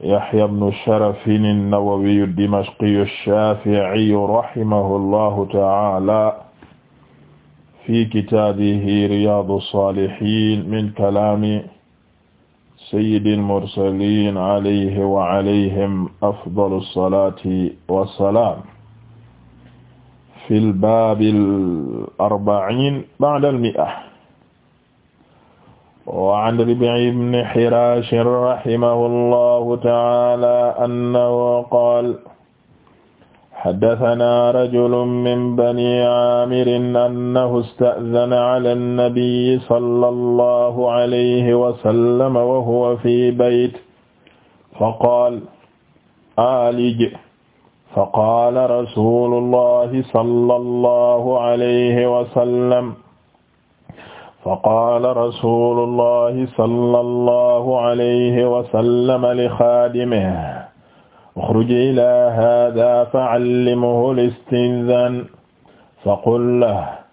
Yahya ibnu Sharafin an-Nawawi ad-Dimashqi ash-Shafi'i rahimahullahu ta'ala fi kitaabihi Riyaadu as-Saalihiin min kalaami sayyidil mursaliin alayhi wa alayhim afdalu as-salaati was-salaam fil baabil arba'iin ba'da al-mi'a وعن ربيع بن حراش رحمه الله تعالى أنه قال حدثنا رجل من بني عامر أنه استأذن على النبي صلى الله عليه وسلم وهو في بيت فقال آلج فقال رسول الله صلى الله عليه وسلم faqaala rasulullahi sallallahu alayhi wa sallam li xaadimihi uxruj ilaa haadaa fa'allimhu al-istinzaan faqul lahu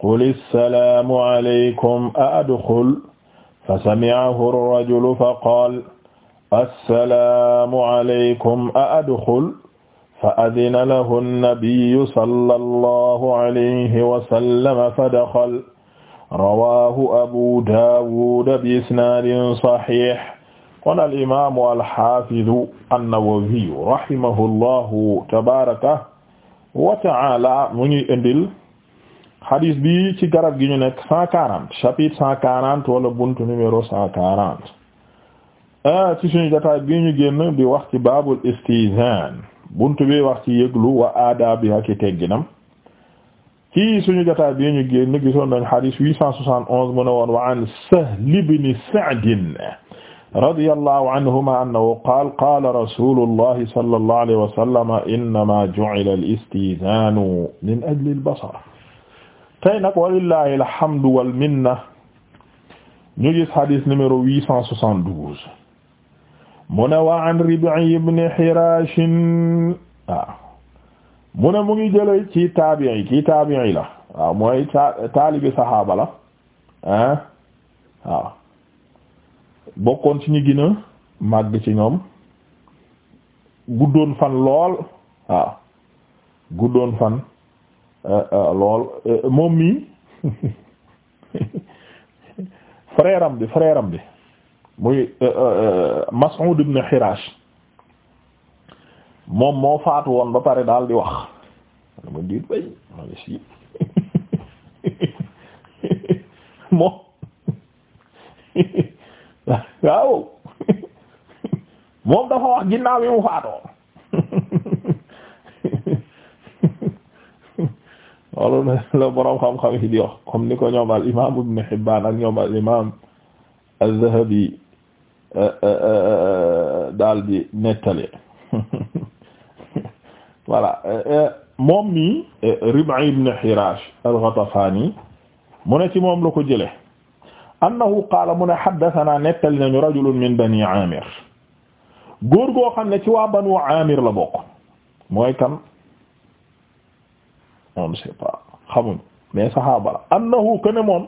qul assalaamu alaykum a adxul fasami'ahu ar-rajulu faqaala assalaamu alaykum a adxul fa'adina lahu an-nabiyyu sallallahu alayhi wa sallam fadaxala rawahu abu dawuda bi isnadin sahih kon alimamu alhafidu annawawiyu rahimahu llahu tabaraka wa taala mu ngi indil hadis bi ci garab gi ñu nekk cent quarante chapitre cent quarante wala buntu numéro cent quarante ah, ci suñu jotaay bi ñu génn di wax ci baabul istizan buntu bi wax ci yëglu wa aadaabiha ki tegginam ci suñu jotaay bi ñu génn gisoon nañu hadis 871 mu ne woon wa an Sahl ibn Sa'd radiyallahu anhuma annahu qaala qaala rasuulullahi sallallahu alayhi wa sallam innamaa ju'ila al-isti'zaanu min ajli al-basar tey nag walillahi alhamdu wal minna ñu gis hadis numéro 872 mu ne wa an Rib'i ibn Hiraash mu ne mu ngi jële ci taabi'i kii yi la waaw mooy taalibi saxaaba la ah waaw bokkoon ci ñu gën a màgg ci ñoom guddoon fan lool waaw guddoon fan euh, euh, lool euh, moom mii frère bi frère bi muy Mas'ud ibn Hirash moom moo faatu woon ba pare daal di wax man ma diit bay ma moom dafa wax ginnaaw bi mu faatoo loolu la boroom xam-xam yi di wax comme ni ko ñoom al imaam Ibn Hibbaan ak ñoom al imaam al-Dhahabi eh, eh, eh, daal di nettale voilà euh, euh, moom mi euh, Rib'i ibn Hirash al-Ghatafani mu ne ci moom la ko jële annahu qaala mu ne haddathana nettali nañu rajulun min bani amir góor goo xam ne ci waa banu amir la bokk mooy kan on ne sait pas xamuñ mais saxaaba la annahu kana moom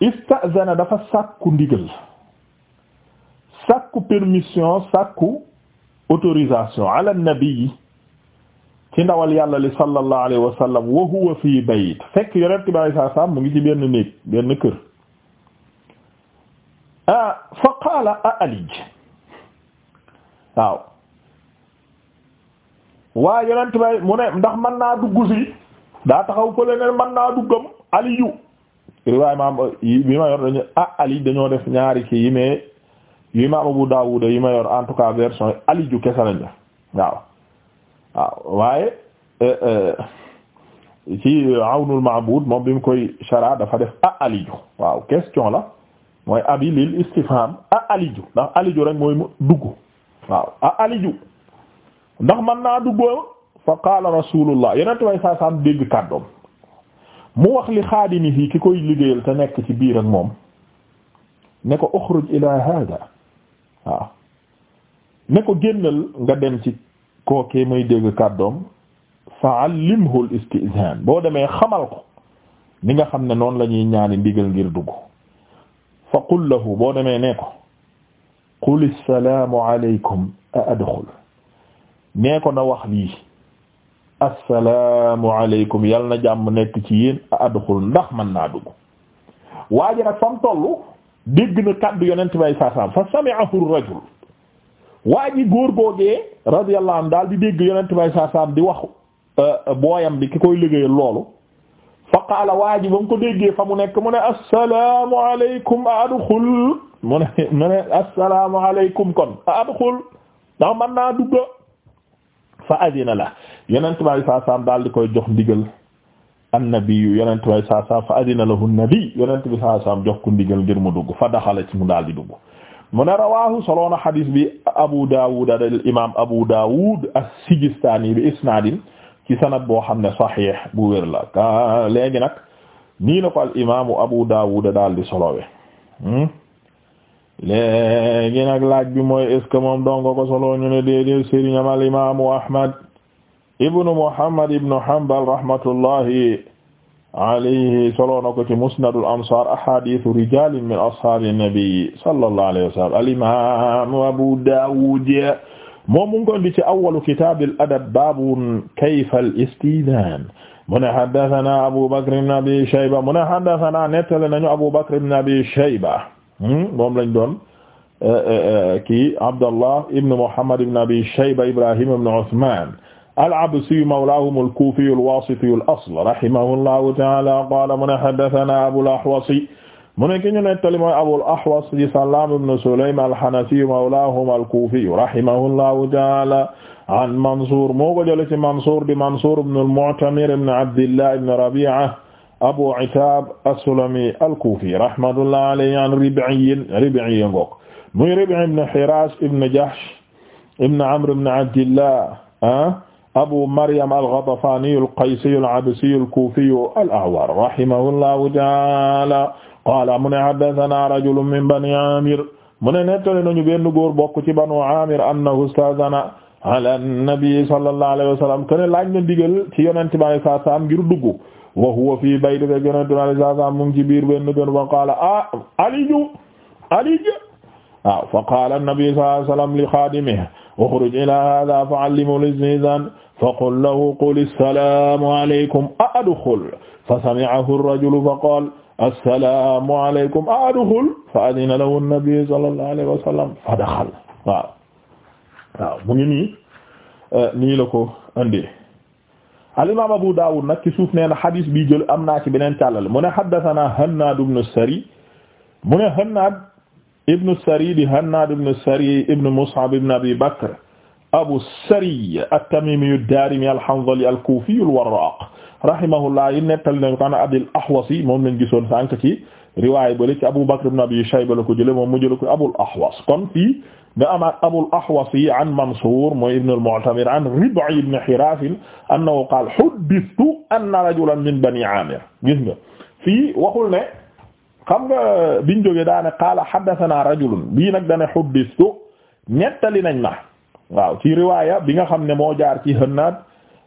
ista'zana dafa sàkku ndigal sàkku permission sàkku autorisation ala nabi ci ndawal yàlla li sallallahu alayhi wa sallam wa huwa fii bayt fekk yonent bi alayhi salaam mu ngi ci benn néeg benn kër ah fa qaala a alij waaw waa yonent bi mu ne ndax man naa dugg si daa taxaw fële ne man naa duggam aliyu riwaay maam bi ma yor dañu ah dañoo def ñaari kii yi mais yi maam Abu Daawuda yi ma yor en tout cas version yi aliju kese lañu waaw waaw ah, waaye eh, eh, ci awnul ma'bud moom bi mu koy shara dafa def a aliju waaw question la mooy abi istifham a aliju ndax aliju rek mooy dugg waaw a aliju ndax man naa duggoo fa qaala rasulullah yenentu way saa dégg kàddoom mu wax li xaadimi ki koy liggéeyal te nekk ci biir ak moom ne ko uxruj ila hada waaw ne ko génnal nga dem ci kookee may dégg kàddoom fa allimhu al boo demee xamal ko ni nga xam ne noonu la ñuy ñaani ndigal ngir dugg fa qul lahu boo demee nee ko qul assalaamu alaykum a adxul nee ko na wax lii assalaamu alaykum yal na jàmm nekk ci yéen a adxul ndax mën naa dugg waa ji fam tollu dégg na kàddu yonent bay saasaam fa sami'ahu rajul waa ji góor googee radiyallahu daal di dégg yonent bay saa di wax euh, booyam bi ki koy liggéeyal loolu fa qaala waa ji ba mu ko déggee fa mu nekk mu ne assalaamu alaykum a adxul mu ne mu ne assalaamu alaykum kon a adxul ndax mën naa dugga fa adina la yonent bay saa daal di koy jox ndigal annabiyu yonent bay saa saam fa adina lahu nabi yonent bi saa saam jox ko ndigal ngir mu dugg fa daxala ci mu daal di dugg mu ne rawahu soloona xadis bi Abu Dawud al imam Abu Dawud as-Sijistani bi isnaadin ci sanad boo xam ne saxiix bu wér la ka léegi nag ko al imamu Abu Dawud daal di solowe hmm? léegi nag laaj bi mooy est ce que moom donga ko solo ñu ne déedéet al imamu Ahmad ibnu Muhammad ibnu Hanbal rahmatullahi alayhi solo na ko ci musnadul amsar ahadisu rijalin min ashabi nabi sallallahu alayhi wa sallam al-imam Abu Dawud moom mu ngi ko indi ci awwalu kitabil adab babun kayfa al-istidhan mu ne haddathana Abu Bakr ibn Abi Shayba mu ne haddathana nettale nañu Abu Bakr ibn Abi Shayba hmm? moom lañ doon eh, eh, eh, kii Abdallah ibn Muhammad ibn Abi Shayba Ibrahim ibn Uthman al-Absi mawlaahum al-Kuufi al-Waasiti al-asl rahimahullahu ta'aala qaala mu ne haddathanaa Abul Ahwas mu ne ki ñu nettali mooy Abul Ahwas di Sallaam ibn Sulaym al-Hanafi mawlaahum al-Kuufi rahimahullahu ta'aala an Mansuur moo ko jëlee ci Mansuur di Mansuur ibn al-Mu'tamir ibn Abdillah ibn Rabi'a Abu Itaab as-Sulami al-Kuufi rahmatullahi alayhi an Rib'i Rib'i ngoog muy Rib'i ibn Hiraash ibn Jahsh ibn Amr ibn Abdillah ah, abu maryam al-ghatafani al-qaysi al-absi al-kufi al-a'war rahimahullahu ta'ala qala mu ne haddathana rajulun min bani amir mu ne nettali nañu benn góor bokk ci banu amir annahu ista'dhana ala nabi sallallahu alayhi wa sallam kene laaj na ndigal ci yonente bi alayhi salaatu salaam ngir dugg wa huwa fii bayt fekk yonente bi alayhi salaatu salaam mu ngi ci biir benn kër ba qaala ah aliju aliju waaw fa qaala nabi sallallahu alayhi wa sallam li xaadimihi uxruj ilaa haadaa fa allimhu al-istihzaan faqul lahu qul assalaamu alaykum a adxul fa sami'ahu ar-rajulu fa qaala assalaamu alaykum a adxul fa adina lahu an-nabiyyu sallallahu alayhi wa sallam fa daxala waaw waaw mu ngi nii eh, nii la ko andi al-imaam Abu Daawud nag ci suuf nee na xadis bii jël am naa ci beneen càllal mu ne haddasanaa Hannaad ibnu Sari mu ne Hannaad ibnu Sari di Hannaad ibnu Sari ibnu Mus'ab ibnu Abi Bakr Abu Sariy at-Tamimi ad-Darimi al-Hanzali al-Kufi al-Warraq rahimahullah nettali nañu ko Abil Ahwas moom lañ gisoon sànq ci riwaay bële ci Abu Bakr ibn Abi Shayba la ko jëlee moom mu jëlee ko Abul Ahwas kon fii nga amaat Abul Ahwas an Mansuur mooy ibn al-Mu'tamir an Rib'i ibn Hiraas annahu qaala huddithtu anna rajulan min Bani Aamir gis nga fii waxul ne xam nga biñ jógee daa ne qaala haddathanaa rajulun bii nag da ne huddithtu nettali nañ ma waaw ci riwaaya bi nga xam ne moo jaar ci Hannad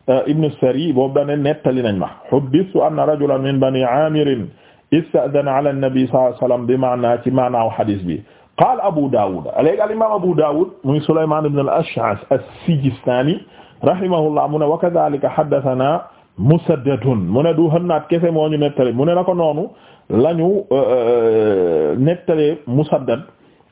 euh, ibn Sari boobu dane nettali nañ ma huddisu anna rajulan min bani amirin ista'dana ala an-nabi sallallahu alayhi wasallam bi maana ci maanaaw hadis bi qaala Abu Dawud léegi al imam Abu Dawud muy Sulayman ibn al-Ash'ath as-Sijistani rahimahullah mu ne wa kadhalika haddathana Musaddadun mu ne du Hannad kese moo ñu nettali mu ne na ko noonu lañu euh, euh, nettali Musaddad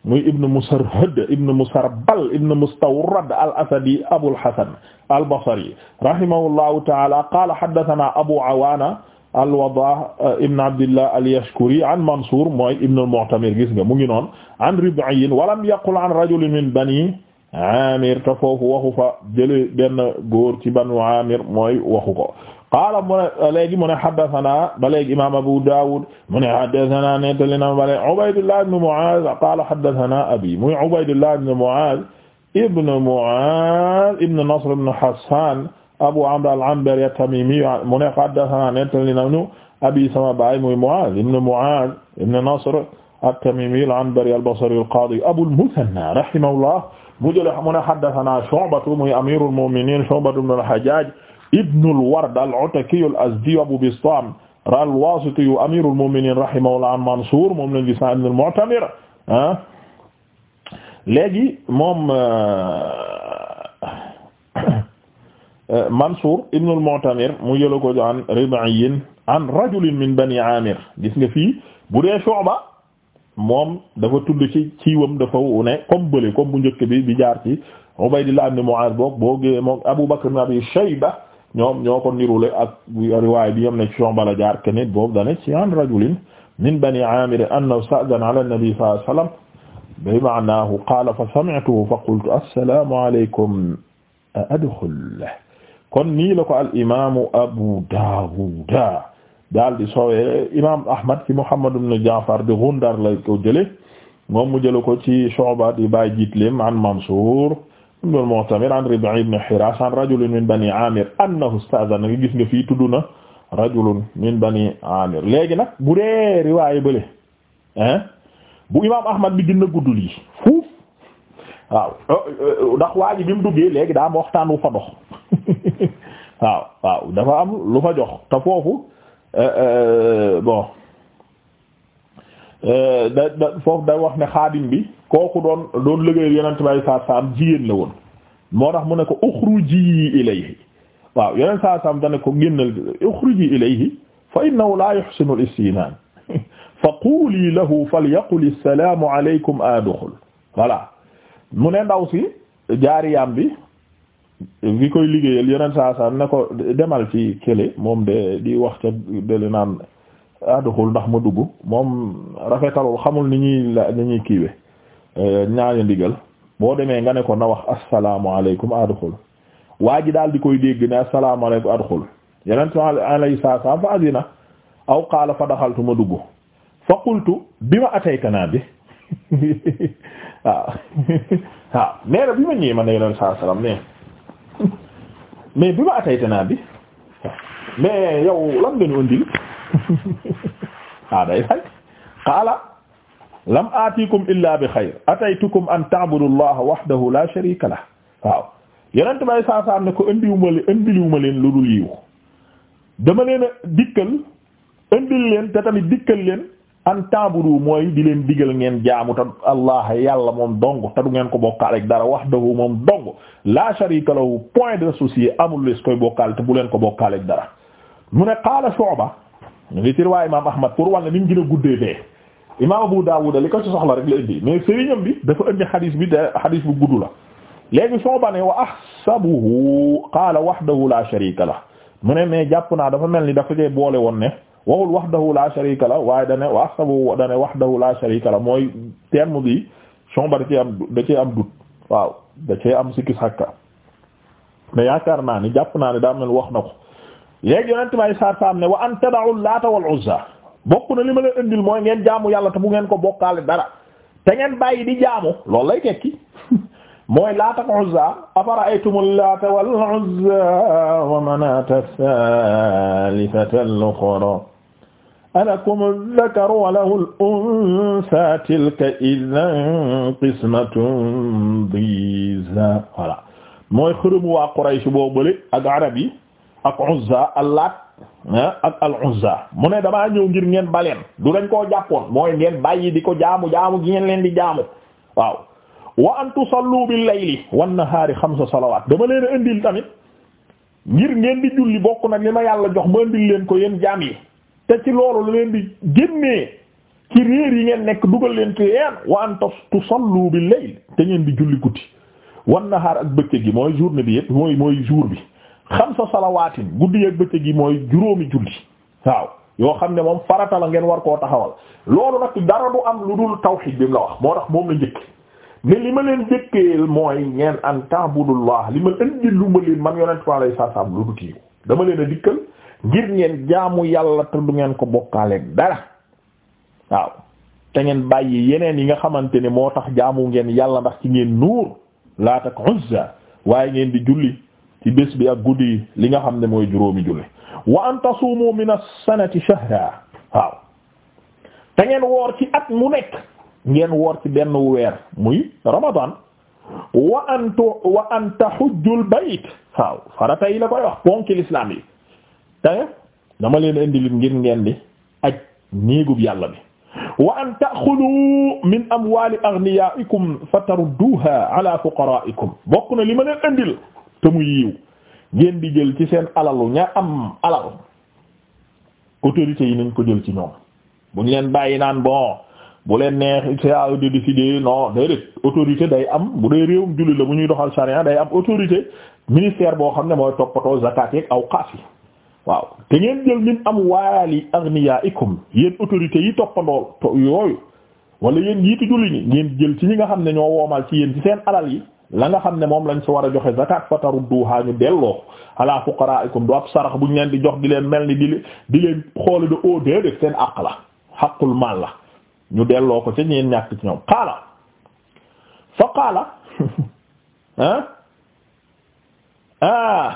muy ibn Musarhad ibn Musarbal ibn Mustawrad al-Asadi Abul Hasan al-Basri rahimahullahu ta'ala qala haddathana Abu Awana al-Wadah eh, ibn Abdillah al-Yashkuri an Mansur mooy ibn al-Mu'tamir gis nga mu ngi noon an Rib'iyyin wa lam yaqul an rajulin min bani Amir te foofu waxu fa jële benn góor ci banu Amir mooy waxu ko qaala mu ne léegi mu ne haddasanaa ba léegi imaam Abu Daawud mu ne haddasanaa nettali na ma ne Ubaydullah ibn Mu'aaz qaala haddasanaa abii muy Ubaydullah ibn Mu'aaz ibn Mu'aaz ibn Nasr ibn Hassaan Abu Amr al-Anbari at-Tamiimi mu ne haddasanaa nettali na ñu abii sama baay muy Mu'aaz ibn Mu'aaz ibn Nasr at-Tamiimi al-Anbari al-Basri al-Qaadi Abul Muthanna rahimahullah mu jële mu ne haddasanaa Shu'ba muy amiirul mu'miniin Shu'ba ibn al-Hajjaaj ibnul ward al-Atakiyu al-Azdiyu Abu Bistaam al-Waasitiyu amiirul mu'miniin rahimahullah an Mansuur moom lañ gis naa ibnul Mu'tamir ah léegi moom euh, Mansuur ibnul Mu'tamir mu jëloon ko an Rib'iyyin an rajulin min Banii Aamir gis nga fii bu dee Shu'ba moom dafa tudd ci ciwam dafa ne comme bële comme bu njëkk bi bi jaar ci Ubaydillah ibn Mu'aaz boog boo gee moom Abu Bakr ibn Abi Shayba ñoom ñoo ko nirule ak riwaaya bi yam ne ci Shu'ba la jaar kenn boobu dane ci an rajulin min bani amir annahu sta'dana ala nabi sallallahu bi ma'nahu qaala fa sami'tuhu fa qultu assalamu alaykum a adxul kon nii la al imamu Abu Dawud di sowe imam Ahmad ci Muhammad ibn Ja'far di Gundar la ko jële moom mu jële ko ci Shu'ba di bàyyi jiitlim an Mansur ibn al-Mu'tamir an Rib'i ibn Hiraas an rajulin min bani Aamir annahu ista'dhana nga gis nga fii tudd na rajulun min bani Aamir léegi nag bu dee riwaayu bële bu imaam Ahmad bi gën gudd lii fuuf waaw ndax waa bi mu duggee léegi daa am waxtaan wu fa dox waaw waaw dafa am lu fa jox te foofu euh, euh, bon euh, da da wax ne xaadim bi. kooku doon doon liggéey yonent bi alayhi salaatu jigéen la woon moo tax mu ne ko uxruji ilayhi waaw yonent saa salaam dana ko génnal uxruji ilayhi fa innahu laa yuhsinu al-istinaan fa quuli lahu falyaqul assalaamu alaykum adoxul voilà mu ne ndaw si jaariyaam bi bi koy liggéeyal yeneen saa saa ko demal ci kële moom de di wax ca deli naan adoxul ndax ma dugg moom rafetalul xamul ni ñuy ñuy kiiwe ñaane ndigal boo demee nga ne ko na wax asalaamaaleykum adxul waa ji daal di koy dégg ne asalaamaaleykum adxul yeneen fa azina aw qaala fa daxaltu ma dugg fa qultu bi ma ataytanaa bi waaw waaw nee bi ma ñëwee ne yeneen saa salaam nee bi ma ataytanaa bi mais yow lan nga ñu andil ah day lam aatikum illa bi xayr ataytukum an ta'budu allaha wahdahu la sharika lah waaw yenent bay saasaam ne ko indiwuma leen indiluwuma leen lu dul yiw dama leen a dikkal indil leen te tamit dikkal leen an ta'budu mooy di leen digal ngeen jaamu te allah yàlla moom dong ta du ngeen ko bokkaal dara wahdahu moom dong la sharika lahu point d'associé amul les koy bokkaal te bu leen ko bokkaal dara mu ne qaala Shu'ba ñu ngi ci riwaaya imaam Ahmad pour walla ni mu gën a guddee fee imaam Abu Dawud li ko ci soxla rek indi mais sëriñam bi dafa indi xadis bi da xadis bu gudd la léegi soo ba ne wa ahsabuhu qaala wahdahu la sharika la mu ne mais jàpp naa dafa mel ni dafa cee boole woon ne waxul wahdahu la sharika la waaye dane wa ahsabuhu dane wahdahu la sharika la mooy terme bi soo ba da cee am dut waaw da cee am sikki sàkka mais yaakaar naa ni jàpp naa ne daa wax na ko léegi yonent may saar saam ne wa an tada'u Laata wal Uzza bokk na li ma leen indil mooy ngeen jaamu yàlla te bu ngeen ko bokkaale dara te ngeen bàyyi di jaamu loolu lay tekki mooy laata ko uzza afara'aytumul laata wal uzza wa manata thalithata al-ukhra alakum adh Ah, ak al mu ne damaa ñëw ngir ngeen baleen du dañ koo jàppoon mooy ngeen bàyyi di ko jaamu jaamu gi ngeen leen di jaamu waaw wa an tusallu bil layli wan nahaari xamsa salawaat dama leen a tamit ngir ngeen di julli bokk nag li ma yàlla jox ma indil leen ko yéen jaam yi te ci loolu la leen di génnee ci réer yi ngeen nekk dugal leen ci yeen wa an tusallu bil layli te ngeen di julli guddi wan nahaar ak bëccëg gi mooy journée bi yëpp mooy mooy jour bi xamsa salawaatin guddi ak bëccëg gi mooy juróomi julli waaw yoo xam ne moom farata la ngeen war koo taxawal loolu nag dara du am lu dul tawxiid bi mu la wax moo tax moom la njëkk ne li ma leen njëkkeel mooy ngeen an ta'budullah li ma indi lu ma leen man yonent fa lay saasaam lu du tiiw dama leen a dikkal ngir ngeen jaamu yàlla te du ngeen ko bokkaaleeg dara waaw te ngeen bàyyi yeneen yi nga xamante ne moo tax jaamu ngeen yàlla ndax ci ngeen nuur laata ak ci bés bi ak guddi yi li nga xam ne mooy juróomi julli wa an tasuumu min as-sanati shahra waaw te ngeen woor ci at mu nekk ngeen woor ci benn weer muy ramadan wa an tu wa an tahujjul bayt waaw farata yi la koy wax ponki l'islam yi te dama leen indilit ngir ngeen di aj néegub yàlla bi wa an taaxudu min amwali aghniya'ikum fatarudduha ala fuqara'ikum bokk na li ma leen indil te mu yiw ngeen di jël ci seen alalu ña am alal autorités yi nañ ko jël ci ñoom buñ leen bàyyi naan bon bu leen neex CAO de décider autorité day am bu dee réewum jullit la bu ñuy doxal charia day am autorité ministère boo xam ne mooy toppatoo zakat yeeg aw xaas yi waaw te ngeen jël min am waali agniyaikum yéen autorités yi toppandool yooyu wala yéen jiitu julli ñi ngeen jël ci ñi nga xam ne ñoo woomal ci yéen ci seen alal yi la nga xam ne moom lañ ci war a joxe zakat fatarudduha ñu delloo ala fuqara'ikum du ab sarax buñ leen di jox di leen mel ni di di leen xoole de au déedéet seen àq la xaqul ñu delloo ko ci ñeen ñàkk ci ñoom qaala fa qaala ah, ah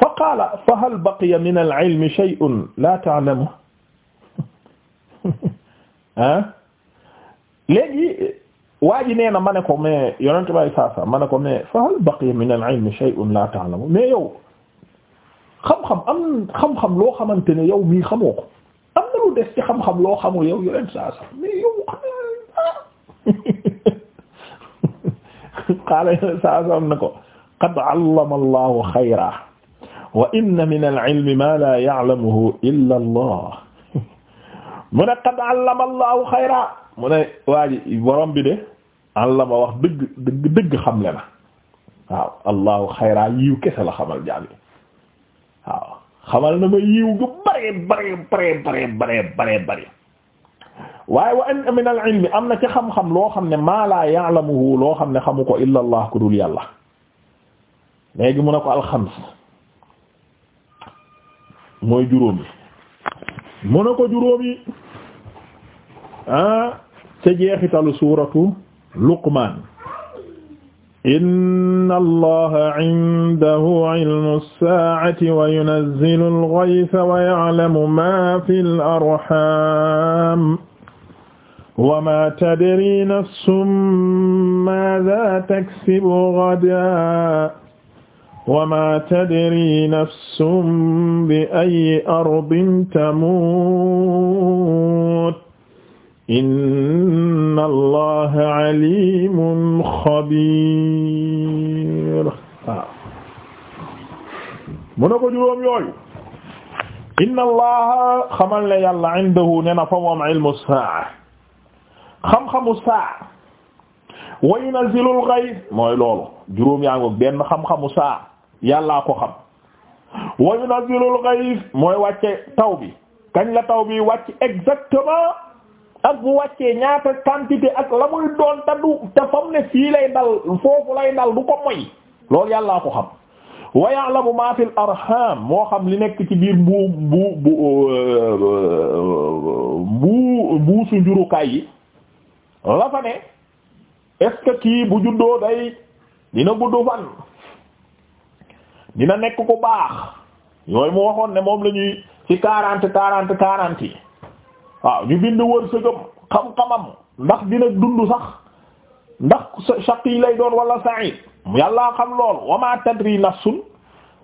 fa qaala fa hal baqiya min al-ilmi shay'un la ta'lamu ah léegi waa ji nee na ma ne ko mais yonente may saasa ma ne ko mais fa hal baqiya min al-ilmi shay'un la ta'lamu mais yow xam-xam am xam-xam loo xamante ne yow mii xamoo ko am na lu des ci xam-xam loo xamul yow yonent saasa mais yow xaala ah. yonent saasa am na ko qad 'allama Allahu xayra wa inna min al-ilmi ma la ya'lamuhu illa Allah mu ne qad 'allama Allahu xayra mu ne waa ji borom bi de allama wax dëgg dëgg dëgg xamle na waaw allahu xayraa yiw kese la xamal jaam waaw xamal na ma yiw gu bare bare bare bare bare bare waaye wa an min al am na ci xam-xam loo xam ne maa laa ya'lamuhu loo xam ne xamu ko illa allah ku dul yàlla léegi mu ne ko alxams mooy juróom yi mu ne ko juróom yi ah, ca jeexitalu suuratu luqmaan inna allaha indahu ilmu saacati wa yunazzilu alghaytha wa ya'lamu ma fi al-arham wa ma tadri nafsun maadha taksibu ghadan wa ma tadri nafsun bi ayyi ardin tamut inna allaha alimun xabir mu na ko juróom yooyu inna allaha xamal ne yàlla indahu ne na fa moom ilmu saa xam-xamu saa wa yunazzilu al-ghayth mooy loolu juróom yaa ngoog benn xam-xamu saa yàllaa ko xam wa yunazzilu al-ghayth mooy wàcce taw bi kañ la taw bi wàcc exactement ak bu wàccee ñaata quantité ak la muy doon te du te fam ne fii lay dal foofu lay dal du ko moy loolu yàlla ko xam wa bu ma fil arham moo xam li nekk ci biir bu bu mbuu euh, mbuusu njurukaay yi la fa ne est kii bu juddoo day dina gudd fan dina nekk ku baax yooyu mu waxoon ne moom lañuy ci quarante quarante quarante yi waaw ñu bind wërsëgam xam-xamam ndax dina dund sax ndax shaqi lay doon wala sa'id yàllaa xam lool wa ma tadri nafsun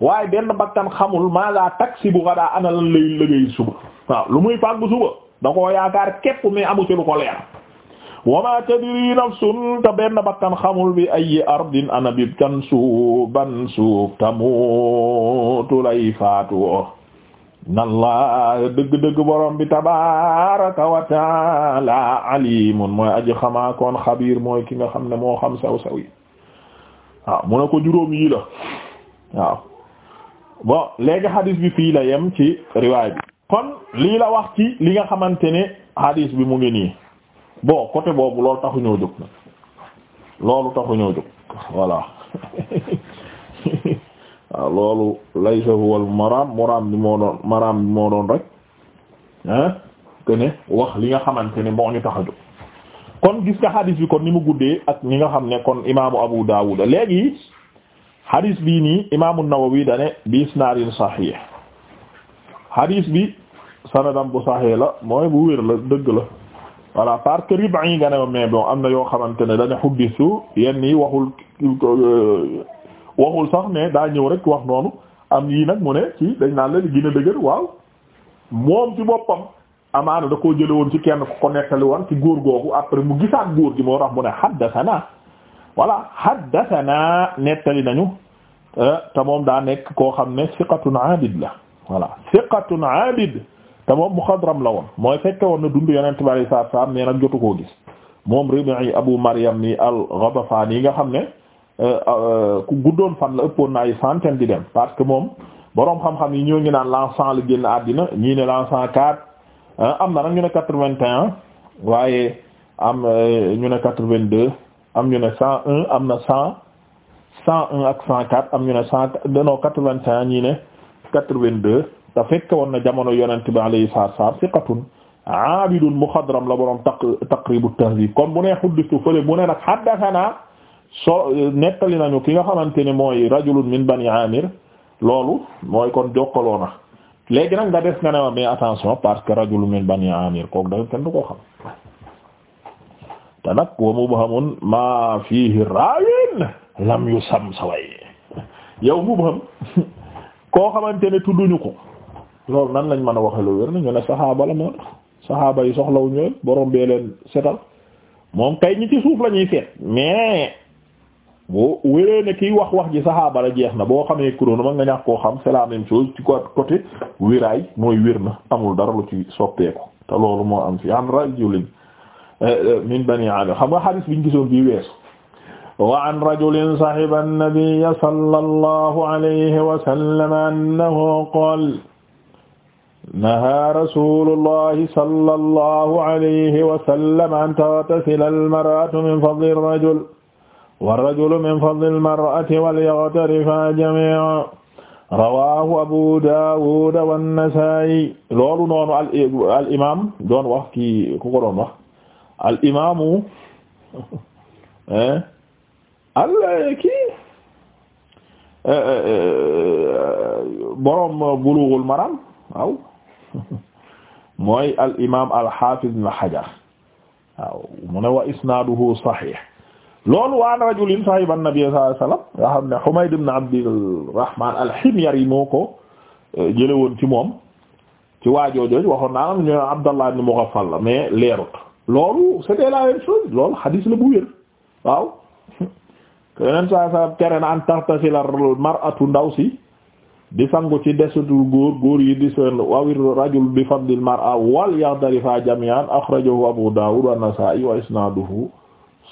waaye benn bakkan xamul maa la bu ghadan ana lan lay liggéey suba waaw lu muy fàggu suba da koo yaakaar képp mais amu ci ko leer wa tadri nafsun te benn bakkan xamul bi ay ardin ana bi kan suuban suuf tamutu lay faatu na laa dëgg-dëgg borom bi tabaraka wa taala alimun mooy aji xamaa xabiir mooy ki nga xam ne moo xam saw saw yi waaw mu ne ko juróom yii la waaw bon léegi hadis bi fii la yem ci riwaay bi kon lii la wax ci li nga xamante ne hadis bi mu ngi nii bon côté boobu loolu taxu ñoo jóg na loolu taxu ñoo jóg voilà waaw loolu laysa huwa al maram maram bi moo doon maram bi moo doon rek ah que ne wax li nga xamante ne moo ñu tax a jóg kon gis nga hadis bi kon ni mu guddee ak ñi nga xam ne kon imaamu Abu Dawud léegi hadis bii nii imamu Nawawi dane bi isnaadin sahih hadis bi sanadam bu sahih la mooy bu wér la dëgg la voilà parce que riba yi nga ne mais bon am na yoo xamante ne dane xuddisu yenn yi waxul euh, waxul sax ne daa ñëw rek wax noonu am yii nag mu ne ci dañ naan la li gën a dëgër waaw moom ci boppam amaana da koo jële woon ci kenn ko nettali woon ci góor googu après mu gisaat góor gi moo tax mu ne haddathana voilà haddathana nettali nañu euh, te moom daa nekk koo xam ne siqatun abid la voilà siqatun abid te moom muxadram la woon mooy fekke woon na dund yonent bi jotu koo moom Rib'i Abu Maryam ni al-Ghatafani yi nga xam ne Euh, euh, ku guddoon fan la ëppoon na ay centaine di dem parce que moom boroom xam-xam yi ñoo ngi naan l'an cent la génn àddina ñii ne l'an cent quatre euh, am na nag ñu ne quatre-vingt-un waaye am ñu ne quatre-vingt-deux am ñu ne cent un am na cent cent un ak cent quatre am ñu ne cent non quatre vingt ñii ne quatre-vingt-deux te fekk woon na jamono yonent bi alayhi salaatu salaam siqatun aabidun muxadram la boroom taq taqribu tahzib kon bu ne xuddistu fële bu ne nag haddathana so nettali nañu ki nga xamante ne mooy rajulun min bani amir loolu mooy kon jokkaloo na léegi nag nga des nga ne ma mais attention parce que rajulun min bani amir kooku da kenn du ko xam te nag wa mubhamun ma fihi raawin lam yusam saway yow mubham koo xamante ne tudduñu ko loolu nan lañ mën a waxee lu wér na ñu ne saxaaba la moo saxaaba yi soxlawuñu borom bee leen setal moom kay ñi ci suuf la seet mais boo wéree ne kiy wax wax ji saxaaba la jeex na boo xamee kuréel man nga ñàkk koo xam c'est la même chose ci côté wéraay mooy wér na amul dara lu ci soppeeku te loolu moo am fi an rajulin eh, eh, min bani aadam xam nga hadis biñ gisoon bii weesu wa an rajulin sahiba an-nabiyya sallallahu alayhi wa sallam annahu qaala nahaa rasuulullahi sallallahu alayhi wa sallam an taghtasila al-mar'atu min fadli ar-rajul warrajulu min fadli almar'ati walyaqtarifaa jamii'an rawaahu abu daawud wannasaa'i loolu noonu al imaam doon wax kii ku ko doon wax al imaamu eh, al kii eh, eh, borom bulughul maram waaw mooy al imaam al haafiz ibn hajar waaw mu ne wa isnaaduhu sahiih loolu waan rajulin sahiban nabi sallallahu alayhi wasallam nga xam ne Humayd ibn Abdurrahman al-Himyari moo ko eh, jële woon ci moom ci waajoojooju waxoon naa am ñu Abdallah ibn Mughaffal la mais leerut loolu c'était la même xadiis la bu wér waaw que yeneen tere na an tartasila mar'atu ndaw si di sangu ci desetul góor góor yi di seen wawir rajul bi fadlil mar'a wal yaqdarifa jami'an akhrajahu Abu Dawud wa Nasa'i wa isnaduhu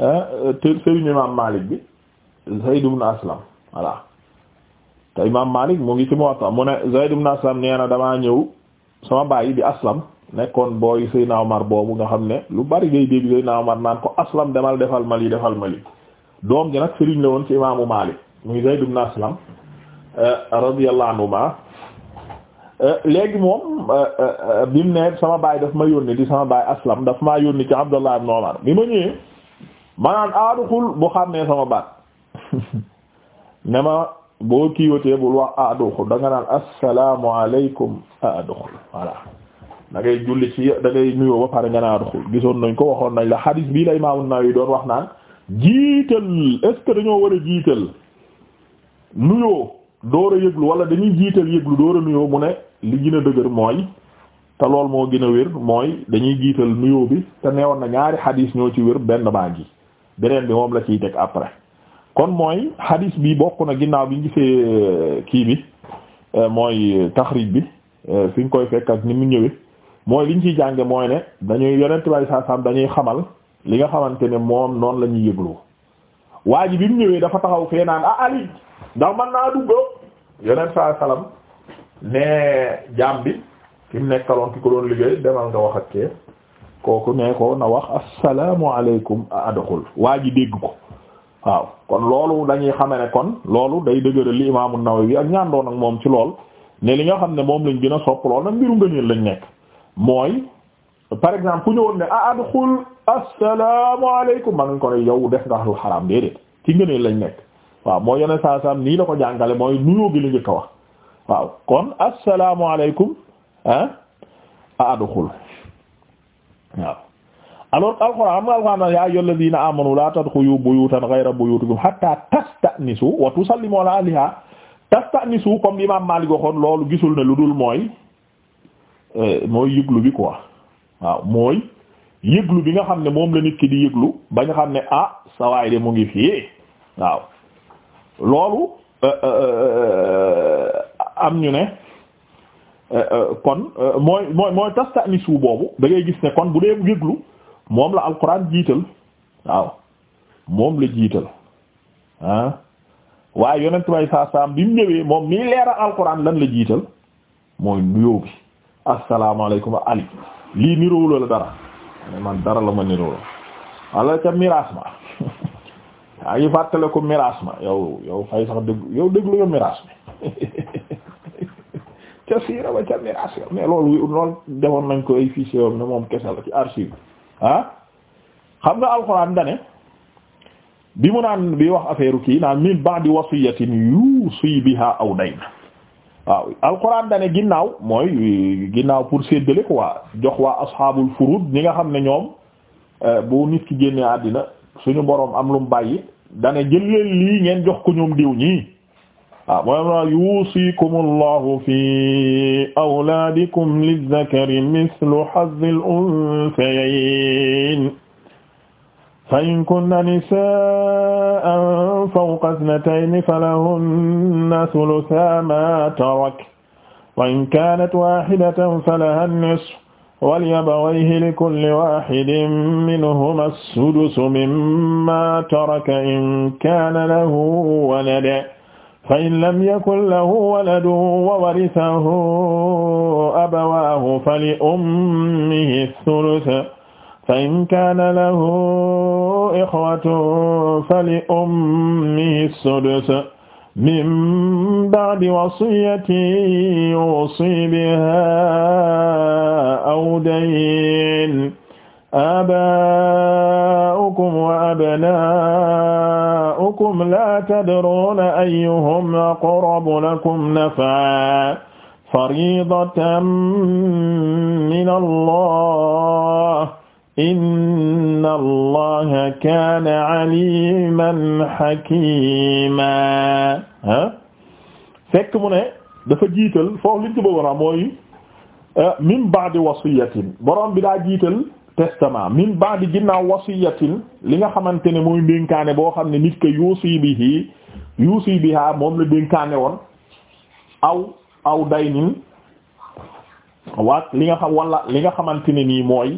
Euh, te sëriñ imam Malik bi Zayd ibn Aslam voilà te imam Malik mu ngi ci Muwatta mu ne Zayd ibn Aslam nee na damaa ñëw sama baay di Aslam nekkoon booy Seydina Omar boobu nga xam ne lu bari ngay dégg Seydina Omar naan ko Aslam demal defal mali defal mali doom ji nag sëriñ la woon ci imaamu Malik muy Zayd ibn Aslam euh, radiyallahu anhuma euh, léegi moom bi mu ne sama baay daf ma yónni di sama baay Aslam daf maa yónni ci Abdullah ibn Omar bi ma ñëwee manaan aaduxul ah bu xàmmee sama baat ne ma boo kiiwatee bul wax aaduxul ah da nga naan assalaamu alaykum aaduxul ah voilà da julli ci da nuyoo ba pare nga naan aaduxul gisoon nañ ko waxoon nañ la hadith bii la Imaam An-Nawawi doon wax naa jiital est-ce dañoo war a jiital nuyoo door a yëglu wala dañuy jiital yëglu door a nuyoo mu ne li gën a dëgër mooy te lool moo gën a wér mooy dañuy jiital nuyoo bi te neewoon na ñaari hadith ñoo ci wér benn baa ngi beneen bi moom la ciy teg après kon mooy hadis bi bokk na ginnaaw bi ñu gisee euh, kii bi euh, mooy euh, taxrij bi fi nga koy fekk ak ni mu ñëwee mooy liñ ciy jànge mooy ne dañuy yonent bay saa dañuy xamal li nga xamante ne moom noonu la ñuy yëgloo waa bi mu ñëwee dafa taxaw fee naan ah ali ndax mën naa dugg yonent saa ne jaam bi ki mu nekkaloon ki ko doon liggéey demal nga wax ak kee kooku ne ko na wax assalaamu alaykum a adxul waa ji dégg ko waaw kon loolu dañuy xame ne kon loolu day dëgëral li imaamu Nawawi ak ñaan doon ak moom ci lool ne li ñoo xam ne moom lañ gën a sopp lool nag mbiru ngëneel lañu nekk mooy par exemple ku ñëwoon ne a adxul assalaamu alaykum ma nga ko ne yow def nga xal xaraam déedéet ci ngëneel lañ nekk waaw moo yeneen saa saam nii la ko jàngale mooy nuyoo bi la njëkk a wax waaw kon assalaamu alaykum ah waaw alors alxuraan am nga alxuraan yaa ayyuhal ladiina aamanu laa tadxulu su ghayra buyuutikum hattaa tasta'nisu wa tusallimu alaa ahlihaa tasta'nisu comme Imaam Maalik waxoon loolu gisul ne lu dul mooy euh, mooy yëglu bi quoi waaw mooy yëglu bi nga xam ne moom la nit ki di yëglu ba nga xam ne ah sa de mu ngi fii waaw loolu euh, euh, am ñu ne. Euh, euh, kon euh, mooy mooy mooy tastanisu boobu da gis ne kon bu dee yëglu moom la alquran jiital waaw moom la jiital ah waaye yonent may saa saam bi mu ñëwee moom mii leeral alquran lan la jiital mooy nuyoo bi asalaamaaleykum ali lii niroowula la dara man dara la ma niroo la ca miraas ma yaa fàttale ko miraas ma yow yow fay sax dégg yow déglu nga miraas mi ca siira ba ca miraas mais loolu loolu defoon nañ ko ay fichier am ne moom kese la ci archive ah xam nga alxuraan dane bi mu naan bi wax affaire kii naan min ba'di wasiyatin yusi biha aw dayn waaw alxuraan dane ginnaaw mooy ginnaaw pour séddale waa jox waa asxaabul furud ñi nga xam ne ñoom eh, bu nit ki génnee àddina suñu boroom am lu mu bàyyi dane jël leen lii ngeen jox ko ñoom diw ñii ah mooy yuusikumullahu fi awlaadikum lizzakari mislu hazzil unsayayn fa in kunna nisaa'an fawqa ithnatayni falahunna thuluthaa maa taraka wa in kaanat waahidatan falahaa an-nisfu waliyabawayhi likulli waahidin minhumaa as-sudusu mimmaa taraka in kaana lahu waladun fa in lam yakun lahu waladun wa warisahu abawaahu fali ummihi sulus fa in kaana lahu ixwatun fali ummihi sudus min ba'di wasiyyatin yuusi bihaa aw dayn aba'ukum wa abna'ukum la tadruna ayyuhum aqrabu lakum naf'an faridatan min Allah inna Allaha kana aliman hakima ah fekk mu ne dafa jiital foofu liñ ci bëggoon a mooy min ba'di wasiyatin borom bi daa jiital testament min ba'di ginnaaw wasiyatin li nga xamante ne mooy dénkaane boo xam ne nit ko yuusi bihi yuusi biha moom la dénkaane woon aw aw daynin waa li nga xam wala li nga xamante ne nii mooy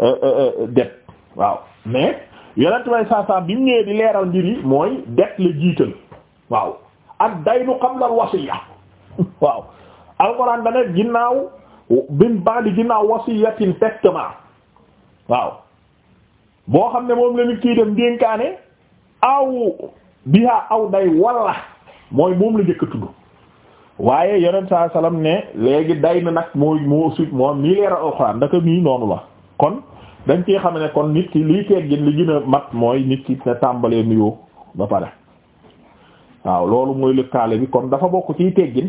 euh, euh, euh, det waaw mais yonent bay saa bi mu ñëwee di leeral mbir mooy det la jiital waaw ak daynu xam al wasiya waaw alxuraan dana ginnaaw bin ba'di ginnaaw wasiyatin testament waaw boo xam ne moom la nit kii def dénkaane aw biha aw day walla mooy moom la njëkk a tudd waaye yonent saa salaam ne léegi day na nag moo moo sut moom nii leeral alxuraan kon dañ ci xam ne kon nit ki liy teggin li gën a mat mooy nit ki ne tàmbalee nuyoo ba pare waaw loolu mooy lëkkaale bi kon dafa bokk ciy teggin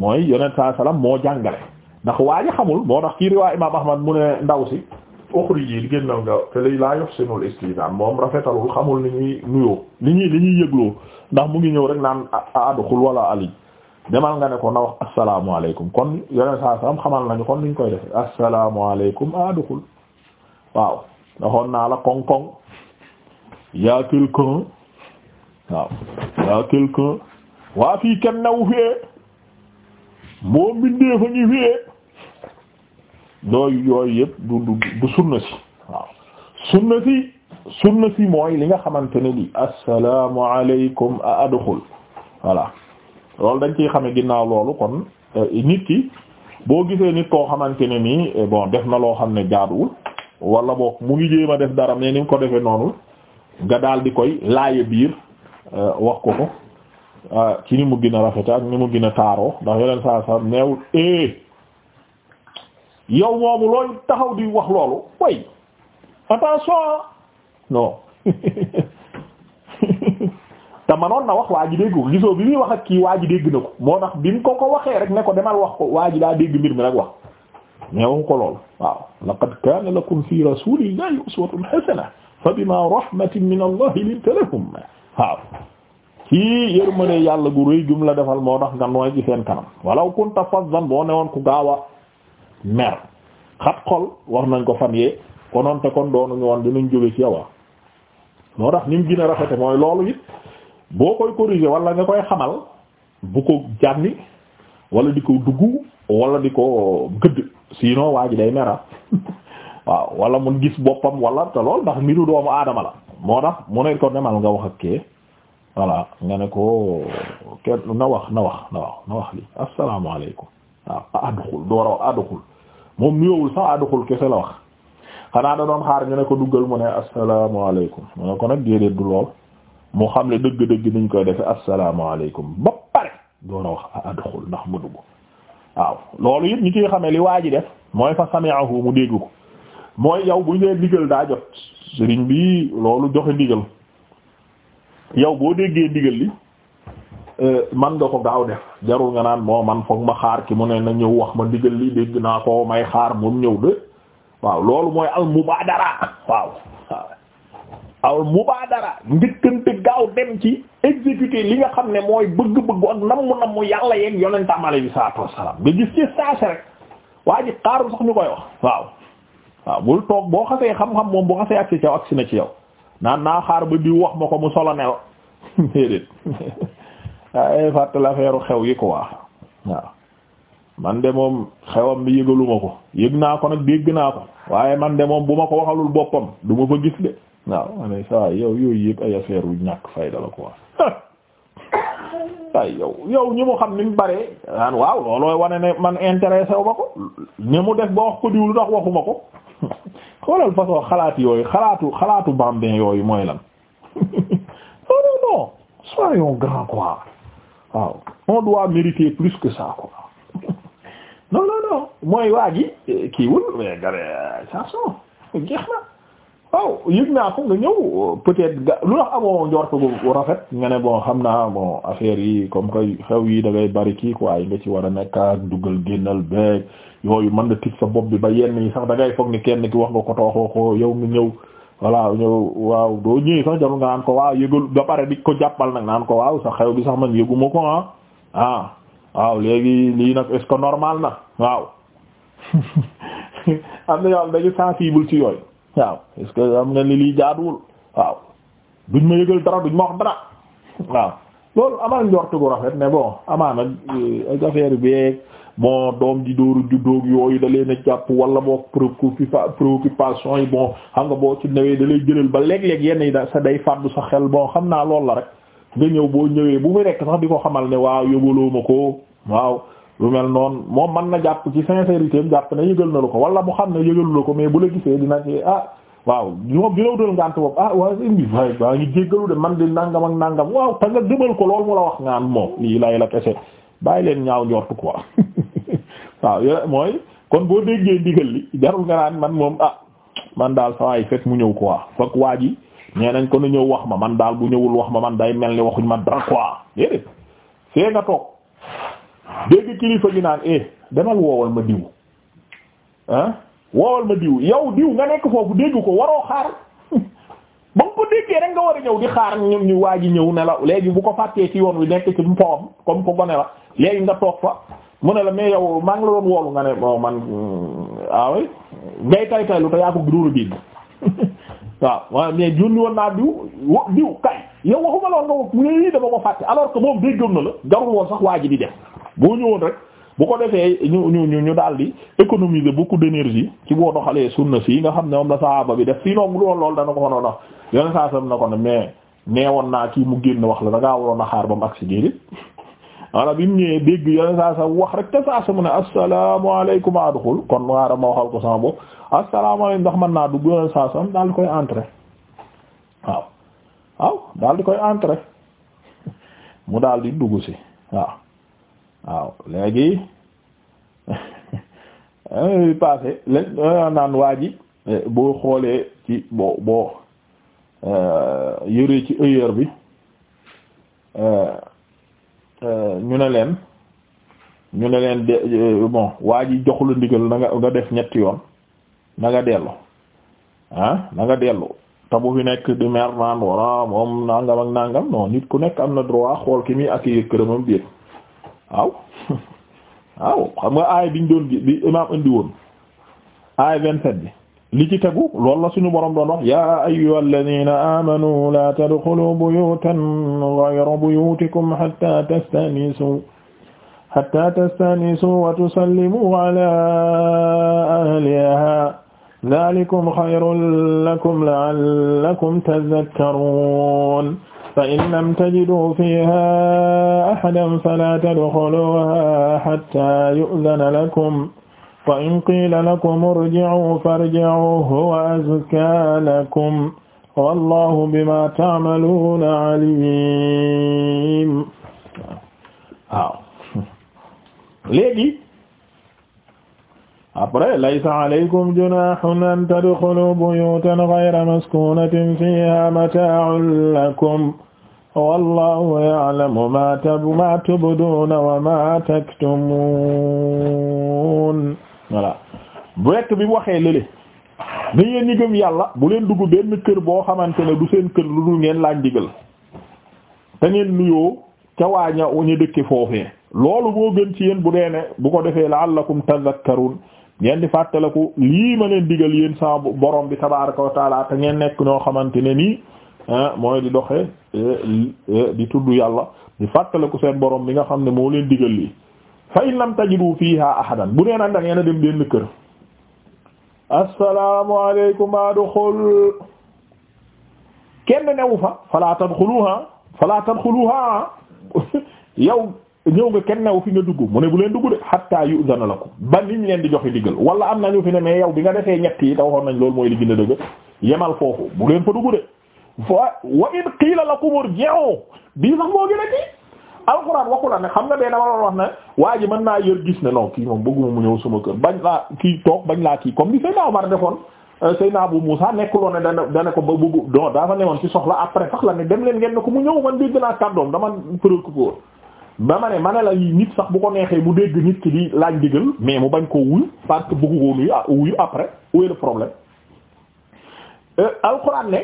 mooy yonent saa salaam moo jàngale ndax waa xamul boo tax kii riwaa imaam Ahmad mu ne ndaw si uxri yi li génnal nga te li laa yuhsinul istizaan moom rafetalul xamul ni ñuy nuyoo ni ñuy li ñuy yëgloo ndax mu ngi ñëw rek naan adxul wala ali demal nga ne ko na wax asalaamaaleykum kon yeneen saa sam xamal nañu kon ni ñu koy defe asalaamaaleykum adxul waaw daxoon naa la koŋ koŋ y'a quelqu'un waaw y'a quelqu'un waa fii kenn newu fiyee moo mbindeefa ngi fiyee dooyu yooyu yëpp du du du sunna si waaw sunna si sunna si mooy li nga xamante ne li assalaamu alaykum a adxul voilà loolu dañ ciy xame ginnaaw loolu kon euh, nit ki boo gisee nit koo xamante ne nii eh, bon def na loo xam ne jaaduwul wala boog mu ngi jéem a def dara mais ni mu ko defee noonu nga daal di koy laaye biir euh, wax ko ko euh, ci ni mu gën a rafete ak ni mu gën a taaroo ndax yeneen saa saa neewul eh yow moomu looy taxaw di wax loolu way attention non te manoon na wax waa ji dégg ko gisoo bi muy wax ak kii waa ji dégg na ko moo tax bi mu ko ko waxee rek ne ko demal wax ko waa ji daa dégg mbir mi rek wax ñeewu ko lool waaw laqad kaana lakum fi rasulillahi uswatun hasana fa bima rahmatin min allah linta lahum waaw kii yërmande yàlla gu rëy gum la defal moo tax nga nooy ci seen kanam walaw kunta faddan boo newoon ku gaawa mer xat xol wax nañ ko fan yee konoon te kon doonuñu woon dinañ jóge ci yow ah. moo tax ni mu rafete mooy loolu it boo koy corriger wala nga koy xamal bu ko jànni wala di ko dugg wala di ko gëdd sinon waa ji day mera ah. waaw wala mun gis boppam wala te lool ndax mbiru doomu aadama la moo tax mu ne ko demal nga wax ak kee voilà nga ne ko kenn na wax na wax na wax na wax li asalaamaaleykum waaw a adduxul doora adduxul moom nuyoowul sax adduxul kese la wax xanaa da doon xaar ñu ne ko duggal mu ne asalaamaaleykum mu ne ko nag déedéet du lool mu xam ne dëgg-dëgg niñ koy defe asalaamaaleykum ba pare doora wax a adduxul ndax ma dugg waaw loolu it ñi ciy xamee li waa ji def mooy fa sami'ahu mu dégg ko mooy yow buñ dee ndigal daa jot sëriñ bi loolu joxe ndigal yow boo déggee diggal li man nga ko gaaw def jarul nga naan moo man foog ma xaar ki mu ne na ñëw wax ma digal lii dégg naa koo may xaar moom ñëw de waaw loolu mooy al mubaadara waaw al mubaadara njëkkante gaaw dem ci exécuter li nga xam ne mooy bëgg bëgg ak nammu nammu yàlla yeeg yonentam alayhi salaatu wassalaam nga gis ci saase rek waa ji xaarul sax ñu koy wax waaw waaw bul toog boo xasee xam-xam moom boo xasee agsi ci yow agsi na ci yow naan naa xaar ba di wax ma ko mu solo ne ay fàttali affaire xew yi quoi waaw man de moom xewam bi ko yég naa ko nag dégg naa ko waaye man de moom bu ma ko waxalul boppam du ma ko gis de waaw ma ne yow yooyu yëpp ay affaire ñàkk fayda la quoi ay yow yow ñi mu xam ni mu waaw loolooy wane ne man intéressé ma ko ni mu def ba wax ko diwlu ndax waxuma ko xoolal façon xalaat yooyu xalaatu xalaatu bambin yooyu mooy lan oh non grand quoi waaw on doit mériter plus que ça quoi non non non mooy waa ji kii wul mais gare chanson jeex na waaw yëg naa ko nga ñëw peut ga lu tax amoo njort bu rafet nga ne boo xam naa bon affaire yi comme que xew yi dangay bari kii quoi yi nga ci war a nekk duggal dugal génnal beeg yooyu mën na tig sa bopp bi ba yenn yi sax da ngay foog ni kenn ki wax nga ko tooxoo ko yow mi ñëw voilà ñëw waaw doo ñëwee sax jarul nga naan ko waaw yëgal ba pare di ko jàppal nag naan ko waaw sa xew bi sax man yëguma ko ah ah waaw léegi lii nag est-ce que normal na waaw am na yoon dañu sensible ci yooyu waaw est-ce que am na li lii jaaduwul waaw duñ ma yëgal dara duñ ma dara waaw loolu amal njortu gu rafet mais bon amaana ak affaire beeg moo doom di dooru juddoog yooyu da leen a jàpp wala boo préoccupation yi bon xam nga boo ci newee da lay jëlal ba léeg-léeg yenn yi da sa day fàddu sa xel bon xam naa loolu la rek nga ñëw boo ñëwee bu muy rekk sax di ko xamal ne waaw yóbbaloo ma ko waaw lu mel noonu moom mën na jàpp ci sincérité am jàpp ne yëgal na la ko wala mu xam ne yëgalu ko mais bu la gisee dina ci ah waaw moom dina wutal ngànt bopp ah waaw indi waaye waa ngi jéggalu de man di nangam ak nangam waaw te nga gëmal ko loolu mu la wax ngaan moom lii lay la kese bàyyi leen ñaaw njortu quoi waaw yo mooy kon boo déggee ndigal li jarul nga naan man moom ah man daal sawaay fekk mu ñëw quoi fekk waa ji nee nañ ko nu ñëw wax ma man daal bu ñëwul wax ma man day mel ni waxuñ ma dara quoi déedéet fee nga toog dégg kilifa gi naan eh demal woowal ma diw ah woowal ma diw yow diw nga nekk foofu dégg ko waroo xaar ba nga ko déggee rek nga war a ñëw di xaar ñun ñu waa ji ñëw ne la léegi bu ko fàttee ci yoon wi nekk ci mpoom comme ko gone la léegi nga toog fa mu ne la mais yow maa ngi la doon woolu nga ne bon man euh, ah oui ngay tay tay lu te yaa ko guddul dégg waaw woon naa diw wo diw kay yow waxuma la woon nga lii fàtte alors que moom déggoon na la jarul woon sax waa ji di def boo ñëwoon rek. bu ko defee ñu ñu ñu daal di économiser beaucoup d'énergie ci boo doxalee sunna fii nga xam ne moom la sahaaba bi def fii noonu lool lool dana ko mënoon a yeneen saa sam a ko ne mais neewoon naa kii mu génn wax la da waroon a xaar ba mu agsi déedéet walla bi mu ñëwee dégg yeneen saa sam wax rek te saa sa mu ne asalaamaaleykum aduxul kon waara ma waxal ko sama bopp asalaamaaleykum saa sam daal di koy entrer mu daal di dugg si waaw waaw léegi passé len euh, naan waa ji eh, boo xoolee ci bo boo Euh, yëre ci ëyër bi euh, euh, ñu ne leen ñu ne leen de bon waa ji jox la ndigal na nga def ñetti yoon na nga dellu ah na nga dellu te fi nekk di mer naan wala moom nangam ak nangam non nit ku nekk am na droit xool ki muy ak yëg këramam biir waaw waaw xam nga aay biñ doon bi imam indi woon aay vingt-sept bi li ci tegu loolu la suñu borom doon wax ya ayyuhal ladina amanu la tadkhulu buyutan ghayra buyutikum hatta tastanisu hatta tastanisu wa tusallimu ala ahliha dhalikum khayrun lakum la'allakum tadhakkarun fa in lam tajidu fiha ahadan fala tadkhuluha hatta yu'dhana lakum fa in qiila lakum irji'uu farji'uu huwa azkaa lakum wallaahu bimaa ta'maluuna aliim waaw léegi après laysa alaykum junaahun an tadxuluu buyuutan ghayra maskuunatin fiihaa mataa'un lakum wallaahu ya'lamu maa tubduuna wa maa taktumuun voilà bu rekk bi waxee lële na yéen ñi gëm yàlla bu leen dugg benn kër boo xamante ne du seen kër lu dul ngeen laaj digal te ngeen nuyoo ca waaña ñu dëkke foofee loolu boo gën ci yéen bu dee ne bu ko defee la la'allakum tadhakkarun ngeen di fàttaliku lii ma leen digal yéen sa borom bi tabaaraka wa te ngeen nekk ñoo xamante ne nii ah, mooy di doxe eh, eh, di tudd yàlla di fàttaliku seen borom bi nga xam ne moo leen digal lii fa in lam tajidu fiha ahadan bu nee nag da ngeen a dem benn kër assalaamu alaykum adxul kenn newu fa fala tadxuluha fala tadxuluha yow ñëw nga kenn newu fi nga dugg mu ne bu leen dugg de hatta yu'zana lakum ba niñ leen di joxe diggal wala am nañu fi ne mais yow bi nga defee ñett yi te waxoon nañ loolu mooy li gën a dëgg yemal foofu bu leen fa dugg de wa in qiila lakum urji'u bii sax moo gën a kii alxuraan waxu la ne xam nga dee dama doon wax ne waa ji mën naa yër gis ne non kii moom bëgguma mu ñëw suma kër bañ laa kii toog bañ laa kii comme li Seydina Omar defoon euh, Seydina Abu Muusa nekkuloon ne dana dana ko ba bëggu non dafa newoon ci soxla après sax la ne dem leen ngeen ne ko mu ñëw man dégg naa kàddoom dama préoccupé woon ba ma ne ma ne la nit sax bu ko neexee mu dégg nit ki di laaj digal mais mu bañ ko wuyu parce que bëggu ko nuyu ah, wuyu après où est le problème euh, alxuraan ne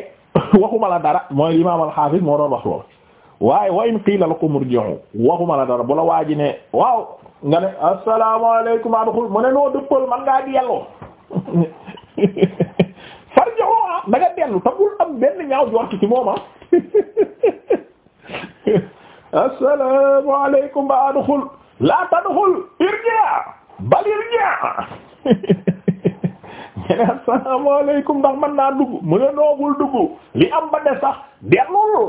waxuma la dara mooy imaam al moo doon wax lool waaye wa in qiila lakum irji'u waxuma la dara bu la ne waaw nga ne assalaamu alaykum adxul mu ne noo dëppal man ngaa di yelloo farji'u ah da nga dellu te bul am benn ñaaw jortu ci mooma assalaamu ah alaykum adxul la tadxul irji' bal irji' ñene asalaamaaleykum ndax mën naa dugg mu ne noobul dugg li am ba des sax dellul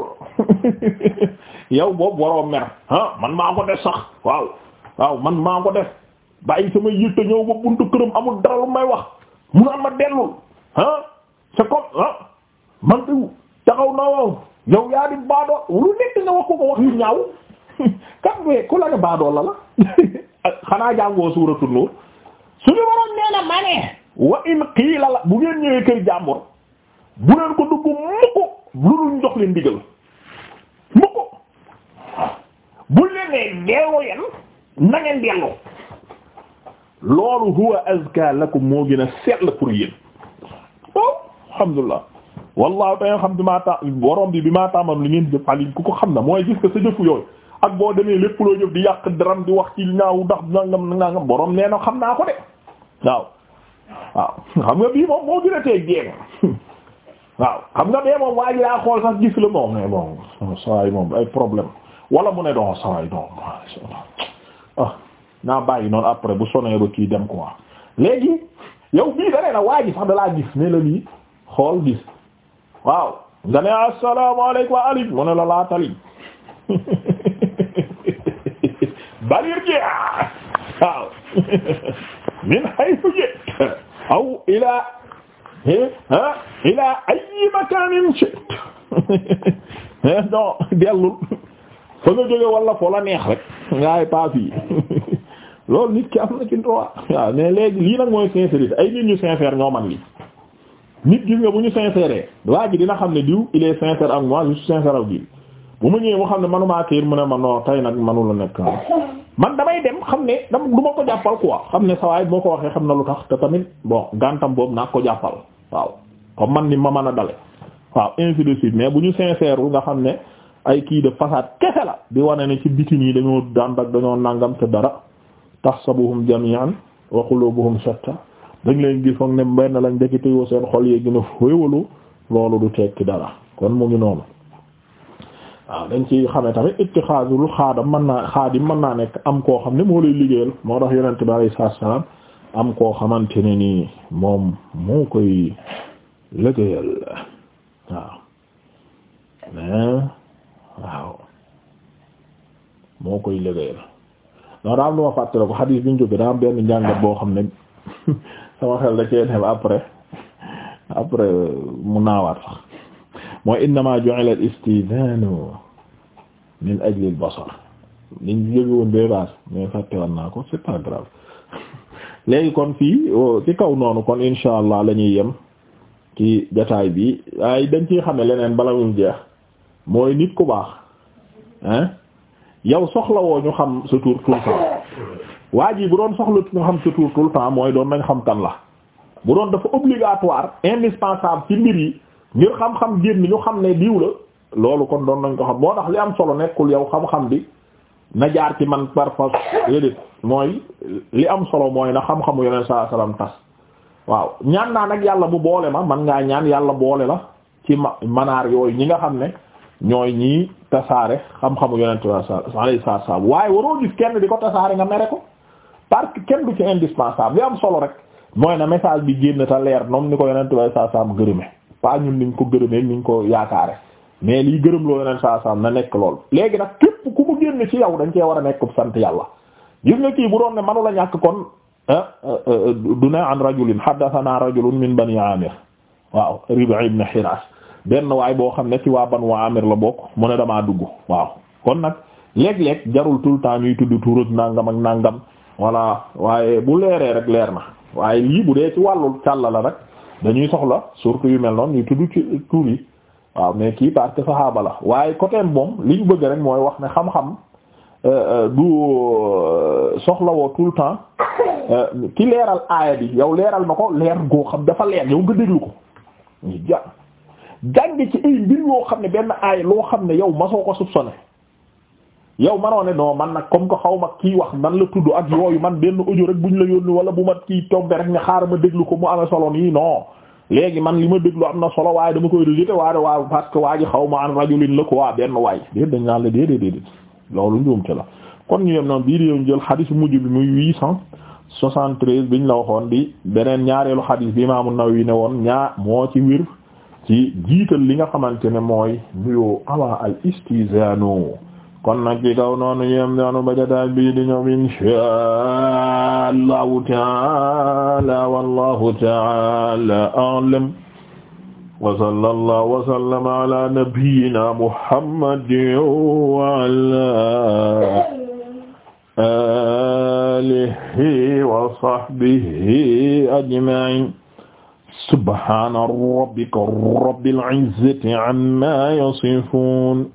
yow boobu waroo mer ah man maa ko def sax waaw waaw man maa ko def bàyyi sama yitte ñëw ba buntu këram amul dara lu may wax mu naan ma dellul ah c'est comme ah man diw taxaw na wow yow yaa di baadoo lu nekk nga wax ko ko wax yu ñaaw kat we ku la ne baadoo la la xanaa jàngoo suuratul Nuur suñu waroon nee na ma wa in qiila la bu ngeen ñëwee kër jàmbur bu leen ko dugg mukk lu dul jox leen ndigal mukk bu leen ne delloo loolu huwa azka lakum moo gën a sell pour yéen oh alhamdulillah wallahu ta xam bi maa ta borom bi bi taamam li ngeen jëf alim ku ko xam na mooy gis que sa jëfu yooyu boo demee lépp loo jëf di yàq daram di wax ci ñaaw ndax nangam nangam borom nee na xam naa ko de waaw waaw xam nga bii moom moo gën a teeg jéem waaw xam nga bee moom waa ji xool sax gis la moom mais bon sawaay moom ay problème wala mu ne don sawaay don ah naa bàyyi noonu après bu sonee ba kii dem quoi léegi yow bii da nee na waa ji sax gis ne la lii xool gis waaw nga ne asalaamaaleykum wa alif mu ne la laa talib balir ji min haythu ji'ta aw ila ah ila ayyi makaanin shi'ta eh, non dellul fa nga jóge wala foo la neex rek ngaay paas yi loolu nit ki am na ci droit waaw mais léegi lii nag mooy sincérité ay nit ñu sincère ñoo man lii nit gis nga bu ñu sincère waa ji dina xam ne diw il est sincère ak moi je suis ak diw bu ma ñëwee mu xam ne manuma kër mu ne ma non tey nag manula nekk man damay dem xam ne dama du ma ko jàppal quoi xam ne sawaay boo ko waxee xam na lu tax te tamit bon gàntam boobu naa ko jàppal waaw comme man ni ma mën a dale waaw ainsi de suite mais bu ñu sincère nga xam ne ay kii de façade kese la di wane ne ci bitin yi dañoo daan ak dañoo nangam te dara sa tahsabuhum jami'an wa qulubuhum shatta dañ leen gis foog ne benn lañ dëkk te yoo seen xol yee gën a féewaloo loolu du tekki dara kon mu ngi noonu waaw dañ ci xamee tamit ittixaazul xaadam mën naa xaadim mën naa nekk am koo xam ne moo lay liggéeyal moo tax yonent bi alayhi salaatu salaam am koo xamante ne nii moom moo koy liggéeyal waaw moo koy liggéeyal non daa am lu ma fàttale ko xadiis bi ñu jógee benn njàngat boo xam ne sama xel da cee dem après après mu naawaat sax mooy innama ju'ila al-istidhanu min ajli al-basar liñ jóge woon bee baas pas grave léegi kon fii ci kaw noonu kon insha allah la ñuy yem ci jataay bi ay dañ ciy xame leneen bala mu jeex mooy nit ku baax hein yow soxla woo ñu xam sa tur temps waa ji bu doon soxla ñu xam sa tur temps mooy doon nañ xam kan la bu doon dafa obligatoire indispensable ci mbir yi ngir xam-xam génn ñu xam ne diw la loolu kon doon nañ ko xam moo tax li am solo nekkul yow xam-xam bi na jaar ci man par mooy li am solo mooy na xam-xamu yoneen saa ñaan naa nag yàlla bu boole ma man ngaa ñaan yàlla boole la ci ma manaar yooyu ñi nga xam ne ñooy ñii tasaare xam-xamu yonent alayhi salaam waaye waroo gis di ko tasaare nga mere ko parce que kenn du ci indispensable li am solo rek mooy na message bi génn ta leer noonu ni ko yonent alayhi salaam gërëme pas ñun niñ ko gërëmee niñ ko yaakaare mais lii gërëm loo yeneen saa saa na nekk lool léegi nag képp ku mu génn ci yow dañ cee war a nekk sant yàlla gis nga kii bu doon ne manu la ñàkk kon ah, ah, ah, du ne an rajulin haddathana rajulun min bani amir waaw Rib'i ibn Hiraas benn waay boo xam ne ci waa banu amir la bokk mu ne damaa dugg waaw kon nag léeg-léeg jarul tout temps ñuy tudd tuurag nangam ak nangam wala waaye bu leeree rek leer na waaye lii bu dee ci wàllu càlla la rek dañuy soxla surtout yu mel noonu ñu tudd ci tur yi waaw mais kii parce que saxaaba la waaye côté moom li ñu bëgg rek mooy wax ne xam-xam euh, euh, du euh, soxlawoo tout le temps ki leeral aaya bi yow leeral ma ko leer goo xam dafa leer yow nga déglu ko ñu jàng jàng ci ay mbir yoo xam ne benn aaya loo xam ne yow masoo ko soupçonné yow manoo ne noo man nag comme que xaw ma kiy wax nan la tudd ak yooyu man benn audio rek buñ la yónni wala bu mat kii toog rek nga xaar ma déglu ko mu amee solo nii non léegi man li ma déglu am na solo waaye dama koy rejeté waaye waaw parce que waa ji xaw ma an rajulin la ko waa benn waay déet dañ naan la déedéet déedéet loolu njuumte la kon ñu yem noonu bii di jël xadiis mujj bi muy huit cent soixante bi biñ la waxoon di beneen ñaareelu xadiis bi Imaam naw yi ne woon ñaa moo ci wir ci jiital li nga xamante ne mooy nuyoo ala al istizaanu kon nag ci kaw noonu yem daanu bajataay bii di ñëw inshaa Allahu taala wallahu taala a'lam wa sallallahu wa sallama ala nabiyyina muhammadin wa ala alihi wa sahbihi ajma'in subhana rabbika rabbil izzati amma yasifun